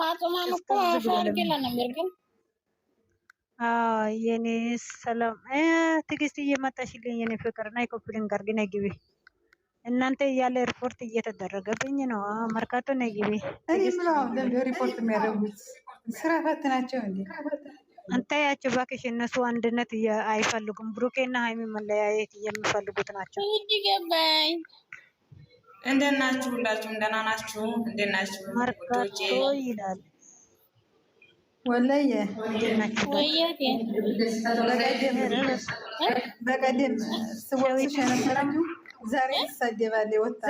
ፋጡማን እኮ አሻርጌላ ነበር ግን የኔ ሰላም ትግስት እየመጣሽልኝ የኔ ፍቅር ናይ ኮፍልን ጋር ግን ግቢ እናንተ እያለ ሪፖርት እየተደረገብኝ ነው። መርካቶ ነይ ግቢ። ሪፖርት የሚያደርጉት ስራ ፈት ናቸው እንዴ? እንታያቸው እባክሽ። እነሱ አንድነት አይፈልጉም። ብሩኬና ሀይሚ መለያየት የሚፈልጉት ናቸው። ገባኝ እንደት ናችሁ? ሁላችሁም ደህና ናችሁ? እንደት ናችሁ? ወዶቼ ወላየ በቀደም ስወቅሽ የነበረችው ዛሬ ትሳደባለች ወጣ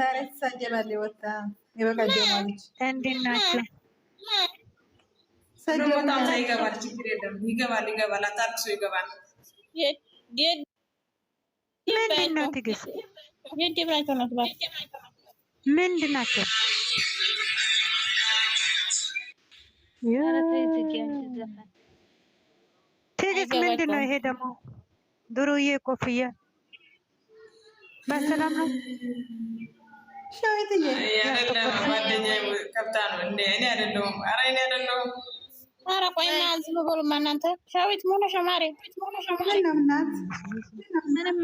ዛሬ ትሳደባለች ወጣ የበቀደም አለች። ናችሁ? ይገባል፣ ይገባል፣ ይገባል፣ ይገባል። ምንድን ነው ምንድን ናቸው? ትልቅ ምንድን ነው ይሄ ደግሞ? ድሮዬ ኮፍያ በሰላም ነው። ሻዊት ምንም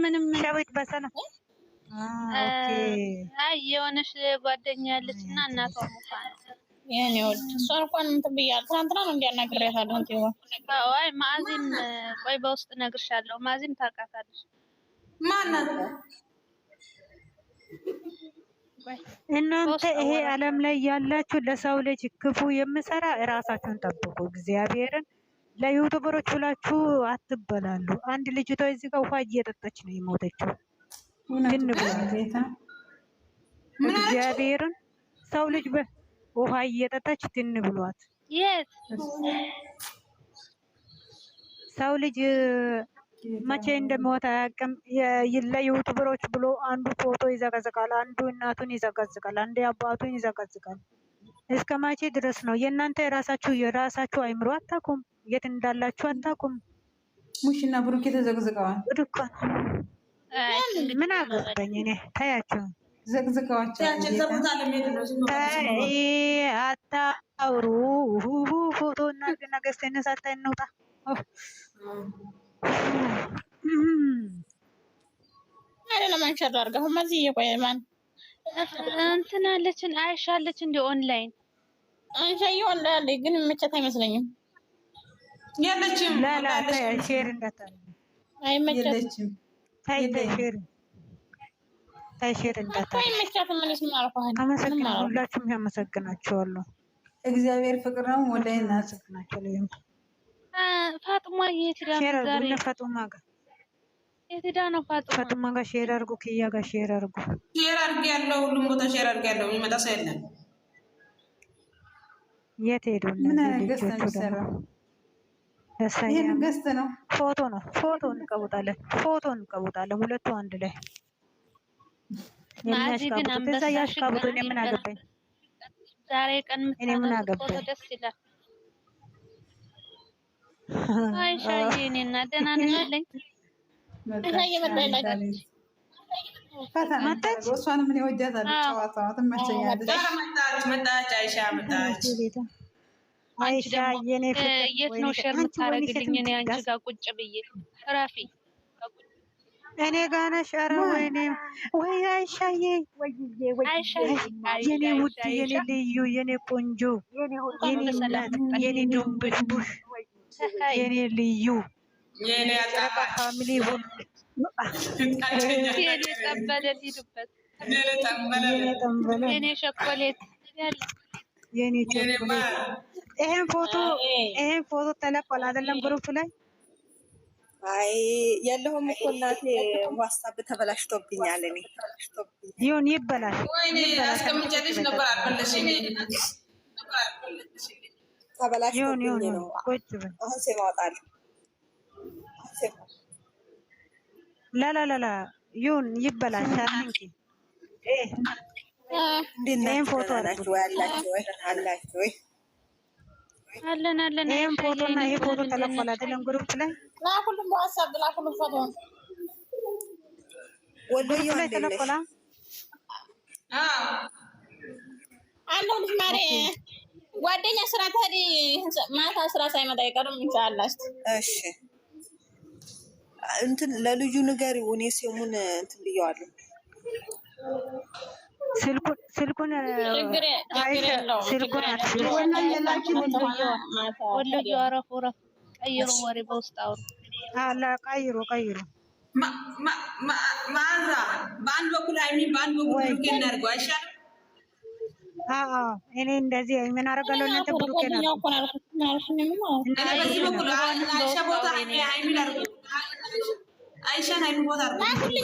ምንም ሻዊት በሰላም አይ ah, የሆነች ጓደኛ ያለች እና እናቷ ሙፋ እንኳን እንትን ብያለሁ። ትናንትና ነው አይ ቆይ በውስጥ እነግርሻለሁ። ማዕዚም ታውቃታለች። ማናት እናንተ ይሄ ዓለም ላይ ያላችሁ ለሰው ልጅ ክፉ የምሰራ እራሳችሁን ጠብቁ። እግዚአብሔርን ለዩቱበሮች ሁላችሁ አትበላሉ። አንድ ልጅቷ እዚህ ጋር ውሃ እየጠጣች ነው የሞተችው። ብሏት እግዚአብሔርን ሰው ልጅ ውሃ እየጠጣች ትን ብሏት ሰው ልጅ መቼ እንደሚወጣ አያውቅም። ለዩቱበሮች ብሎ አንዱ ፎቶ ይዘቀዝቃል፣ አንዱ እናቱን ይዘቀዝቃል፣ አንዱ አባቱን ይዘቀዝቃል። እስከ መቼ ድረስ ነው የእናንተ የራሳችሁ የራሳችሁ አይምሮ አታውቁም፣ የት እንዳላችሁ አታውቁም። ሙሽና ብሩኬ ተዘቅዝቀዋል። ምን አገባኝ እኔ ታያቸው ዘቅዝቀዋቸው አታውሩ ፎቶ እና ነገስት ነሳታ እንውጣ ለማንሸር አድርጋ ሁማ እዚህ እየቆየ ማን እንትን አለችን አይሻ አለች እንደ ኦንላይን አንሻዬ ኦንላይን ላይ ግን መቼት አይመስለኝም። የለችም ሼር እንዳታደርግ አይመቸትም። ተይ ተይ ታይሽር ሁላችሁም ያመሰግናቸዋለሁ። እግዚአብሔር ፍቅር ነው። ወላሂ እናመሰግናቸዋለሁ። ፋጡማ ጋር ሼር አድርጉ፣ ክያ ጋር ሼር አድርጉ። ሼር አድርግ ያለው ሁሉም ቦታ ሼር አድርግ ያለው የሚመጣ ሰው የለም። የት ሄዱ? ነው። ፎቶ ነው። ፎቶ እንቀውጣለን። ፎቶ እንቀውጣለን። ሁለቱ አንድ ላይ የሚያሽቃቡት ያሽቃቡት። እኔ ምን አገባኝ? እኔ ምን አገባኝ? መጣች። እኔ ወዳታለሁ። ጨዋታዋ ትመቸኛለች። መጣች አይሻ መጣች። አንቺ ደግሞ የት ነው ሸር የምታደርግልኝ? እኔ አንቺ ጋር ቁጭ ብዬ ራፊ እኔ ጋር ነሽ። ኧረ ወይኔ ወይ አይሻዬ፣ የኔ ውድ፣ የኔ ልዩ፣ የኔ ቆንጆ፣ የኔ እናት፣ የኔ የኔ ልዩ የኔ ጠበለ ሂዱበት፣ የኔ ጠበለ፣ የኔ ሸኮሌት፣ የኔ ቸኮሌት ይሄን ፎቶ ይሄን ፎቶ ተለቋል አይደለም? ግሩፕ ላይ አይ ያለሁም እኮ እናቴ ዋትስአፕ ተበላሽቶብኛል። እኔ ይሁን ይበላሽ አስቀምጨልሽ ነበር አልመለስሽኝ። ተበላሽቶብኝ ነው። አሁን ሴም ላላላላ ይሁን ይበላሽ አንቺ ይሄን ፎቶ አላችሁ ወይ አላችሁ ወይ አለን አለን። ይሄን ፎቶ እና ይሄ ፎቶ ተለቆለ አይደለም? ግሩፕ ላይ ላኩልም፣ በዋትስአፕ ላኩልም። ፎቶ ወልዩ ላይ ተለቆለ። አዎ ማሬ ጓደኛ ስራ ታዲ ማታ ስራ ሳይመጣ አይቀርም። እንቻላሽ እሺ፣ እንትን ለልዩ ንገሪው። እኔ ስሙን እንትን ብየዋለሁ። ስልኩን ስልኩን ቀይሩ፣ ቀይሩ ማዛ በአንድ በኩል አይሚ በአንድ በኩል ብሩኬ እናድርገው አይሻልም? እኔ እንደዚህ ምን አደርጋለሁ? እናንተ ብሩኬ አይሻን አይሚ ቦታ አድርገው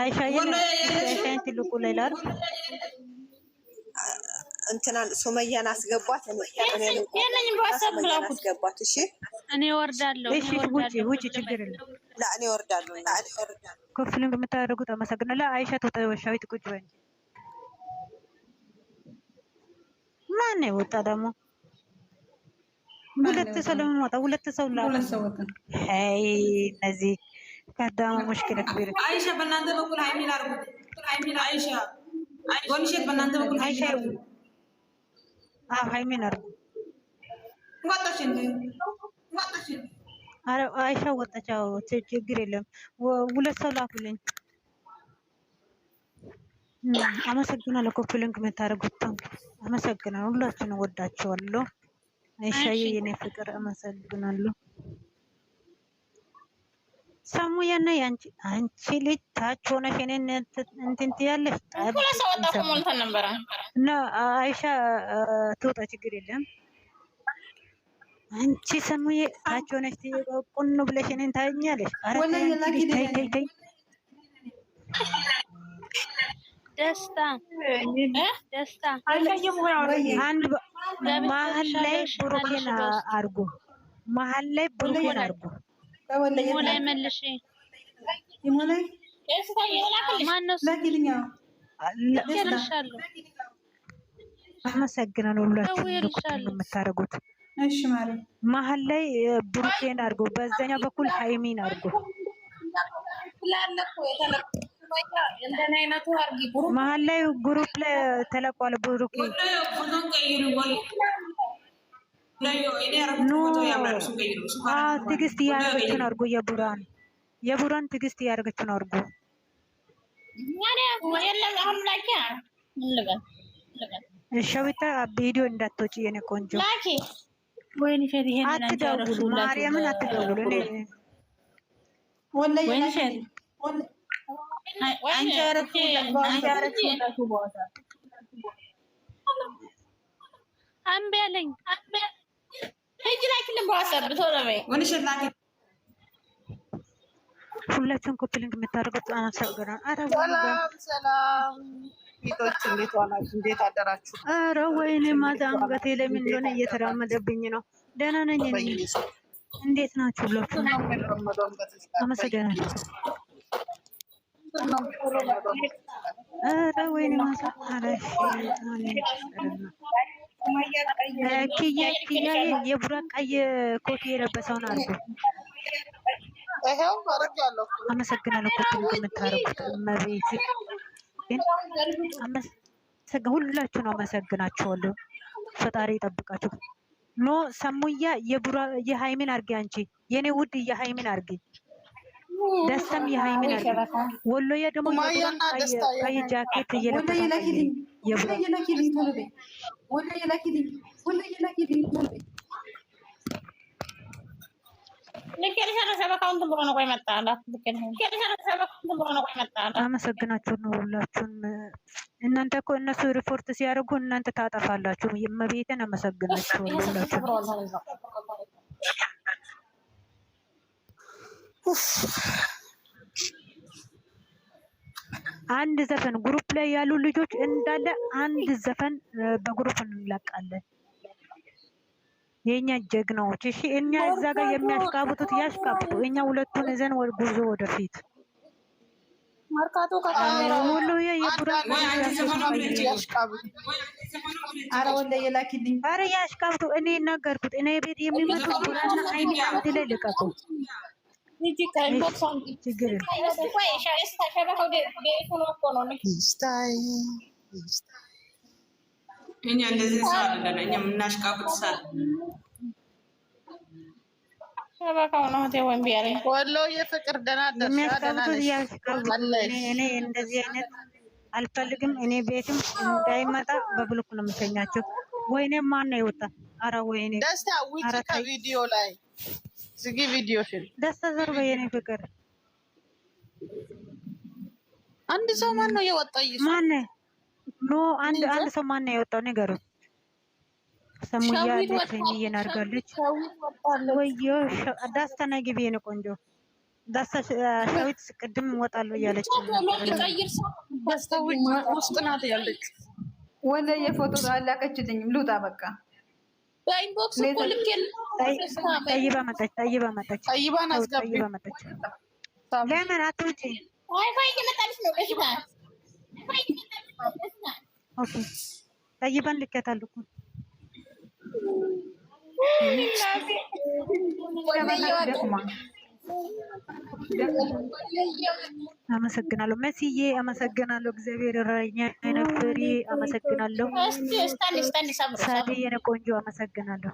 አይሻዬን አይሻዬን ትልቁ ሌላል እንትናን ሱመያን አስገቧት። አስገቧት። እሺ እኔ ወርዳለሁ። እሺ ችግር የለም። እኔ ወርዳለሁ። ኮፍንም የምታደርጉት አመሰግናለሁ። አይሻ ተወሻዊ ትቁጭ ወይ ማን የወጣ ደግሞ ሁለት ሰው ለምን ወጣ? ሁለት ሰው ላ እነዚህ ከዳሙ ሙሽኪል ክቢር አይሻ በእናንተ በኩል ሀይሚን አርጉት። ሀይሚን አይሻ ወንሸት በእናንተ በኩል አይሻ አርጉ። አዎ ሀይሚን አርጉ። ወጣች እንዴ ወጣች። አይሻ ወጣች። አዎ ችግር የለም። ሁለት ሰው ላኩልኝ። አመሰግናለሁ። ኮፒ ሊንክ የምታደርጉት አመሰግናለሁ። ሁላችሁን ወዳችኋለሁ። አይሻዬ የኔ ፍቅር አመሰግናለሁ። ሰሙ ያና አንቺ ልጅ ታች ሆነሽ እኔን እንትን ትያለሽ። ሁለት ሰው ወጣ ሞልተን ነበረ እና አይሻ ትውጣ ችግር የለም። አንቺ ሰሙዬ ታች ሆነሽ ቁኑ ብለሽ እኔን ታኛለሽ። ደስታ ደስታ አንድ መሀል ላይ ብሩኬን አርጉ፣ መሀል ላይ ብሩኬን አርጉ ላይ መልሽ የምታደርጉት መሀል ላይ ብሩኬን አድርጎ፣ በዛኛው በኩል ሀይሚን አድርጎ መሀል ላይ ግሩፕ ላይ ተለቋል ብሩኬ ትግስት እያደረገችን አድርጉ። የቡራን የቡራን ትግስት እያደረገችን አድርጉ። ሸዊታ ቪዲዮ እንዳትወጪ የኔ ቆንጆ፣ አትደውሉ፣ ማርያምን አትደውሉ። አንቢ ያለኝ ሂጂ ላኪልን በዋትሳፕ ቶሎ በይ። ሁላችሁን ኮፒ ሊንክ የምታደርጉት አናት ሰው ገና ሰላም ሰላም ፊቶች እንዴት ዋላችሁ? እንዴት አደራችሁ? ኧረ ወይኔ ማታ አንገቴ ለምን እንደሆነ እየተራመደብኝ ነው። ደህና ነኝ። እንዴት ናችሁ ሁላችሁ? አመሰግናለሁ። ኧረ ወይኔ ማታ አረሽ ክዬ ክዬ የቡራ ቀይ ኮት የለበሰውን አድርጎ አመሰግናለሁ። ኮት የምታደርጉት እመቤት ግን ሁላችሁ ነው አመሰግናችኋለሁ። ፈጣሪ ይጠብቃችሁ። ኖ ሰሙያ የቡራ የሃይሚን አርጊ አንቺ የኔ ውድ የሃይሚን አርጊ ደስታም የሃይሚን አለ ወሎዬ ደግሞ ቀይ ጃኬት እየለበሰ አመሰግናችሁ ነው ሁላችሁም። እናንተ እኮ እነሱ ሪፖርት ሲያደርጉ እናንተ ታጠፋላችሁ። መቤትን አመሰግናችሁ ሁላችሁ አንድ ዘፈን ግሩፕ ላይ ያሉ ልጆች እንዳለ አንድ ዘፈን በግሩፕ እንለቃለን። የኛ ጀግናዎች እሺ፣ እኛ እዛ ጋር የሚያሽቃብጡት ያሽቃብጡ። እኛ ሁለቱን እዘን ወደ ጉዞ ወደፊት ኧረ ያሽቃብጡ። እኔ ነገርኩት። እኔ ቤት የሚመጡት ቡራና አይኔ አንድ ላይ ልቀቁ እኛ እንደዚህ ሰው እኛ የምናሽቃብጥ ወሎ የፍቅር ደህና እንደዚህ አይነት አልፈልግም። እኔ ቤትም እንዳይመጣ በብሎክ ነው ወይኔ የወጣ? ወይኔ ደስታ ውጭ ከቪዲዮ ላይ ዝጊ ቪዲዮሽን። ደስታ ተዘር በየኔ ፍቅር አንድ ሰው ማን ነው የወጣው? ማን ኖ አንድ አንድ ሰው ማን ነው የወጣው? ንገሩት። ሰሙያ ለተኝ እናርጋለች። ወዮ ደስታ ነው ግቢ የኔ ቆንጆ ዳስታ ሻዊት ቅድም እወጣለሁ እያለች ውስጥ ናት ያለች። ወላሂ የፎቶ አላከችልኝም ልውጣ በቃ በኢንቦክስ እኮ ልክ ነው። ጠይባን ልኬታለሁ እኮ ጠይባን አመሰግናለሁ መሲዬ፣ አመሰግናለሁ። እግዚአብሔር ረኛ ነበር። አመሰግናለሁ ሳድዬ፣ የነ ቆንጆ አመሰግናለሁ።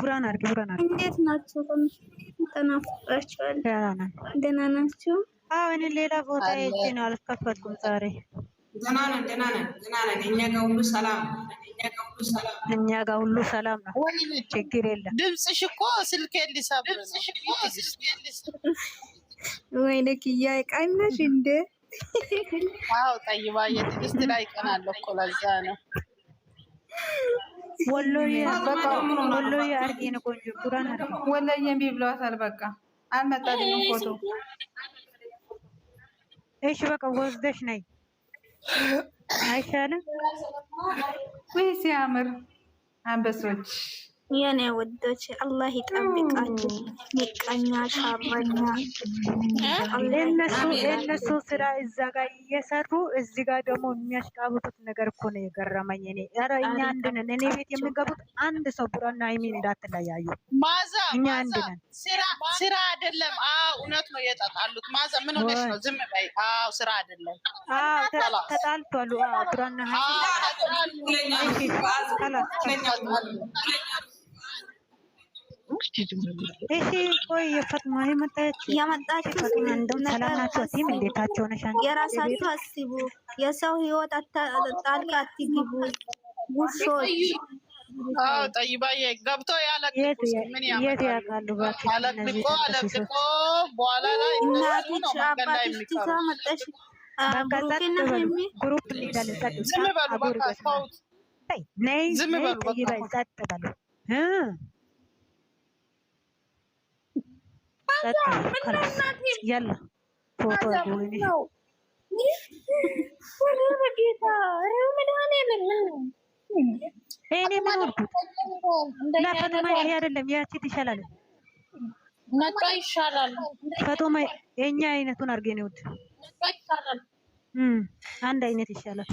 ቡራን አድርጊ፣ ቡራን አድርጊ። እንዴት ናችሁ? ተናፍቃችኋል። ደህና ናችሁ? አዎ፣ እኔ ሌላ ቦታ ሄጄ ነው አልከፈትኩም ዛሬ ደህና ነን፣ ደህና ነን፣ ደህና ነን። እኛ ጋር ሁሉ ሰላም ነው። እኛ ጋር ሁሉ ሰላም ነው። ችግር የለም። ድምፅሽ እኮ ስልኬ ሊሰብር ወይኔ ኪያ ይቃናሽ እንዴ! አዎ ጠይባ የትዕግስት ላይ ይቀናል እኮ ለዛ ነው። ወሎዬ በቃ ወሎዬ አድርጌ ነው ቆንጆ ቡራን አድርጌ ወሎዬ እምቢ ብለዋታል። በቃ አልመጣልኝም ፎቶ። እሺ በቃ ወስደሽ ነይ አይሻልም ወይ? ሲያምር አንበሶች የኔ ወዶች አላህ ይጠብቃችሁ። ምቀኛ ሻረኛ የነሱ ስራ እዛ ጋር እየሰሩ እዚ ጋር ደግሞ የሚያሽቃብጡት ነገር እኮ ነው የገረመኝ። እኔ ኧረ እኛ አንድ ነን። እኔ ቤት የሚገቡት አንድ ሰው ቡራና ሀይሚን እንዳትለያዩ፣ እኛ አንድ ነን። ስራ ስራ አይደለም። አዎ እውነት ነው። የጠጣሉት ማዘ ምን ሆነሽ ነው? ዝም በይ። አዎ ስራ አይደለም። አዎ ተጣልቷሉ። አዎ ዱራና እሺ ቆይ የፈጥማ የመጣች የመጣችሁ ሰላም ናችሁ? እዚህም እንዴታቸው ነሽ? የራሳችሁ አስቡ። የሰው ህይወት ጣልቃ አትግቡ ውሾች ጠይባዬ ገብቶ ያለቅቁምን ያመጣሉ? አለቅልቆ አለቅልቆ በኋላ ላይ እነሱ ነው መንገድ ላይ እኔ ምን ወርኩ እና ፈቶማ ይሄ አይደለም ያቺ ይሻላል ነጣ ይሻላል። ፈቶማ የኛ አይነቱን አድርገን ይውት አንድ አይነት ይሻላል።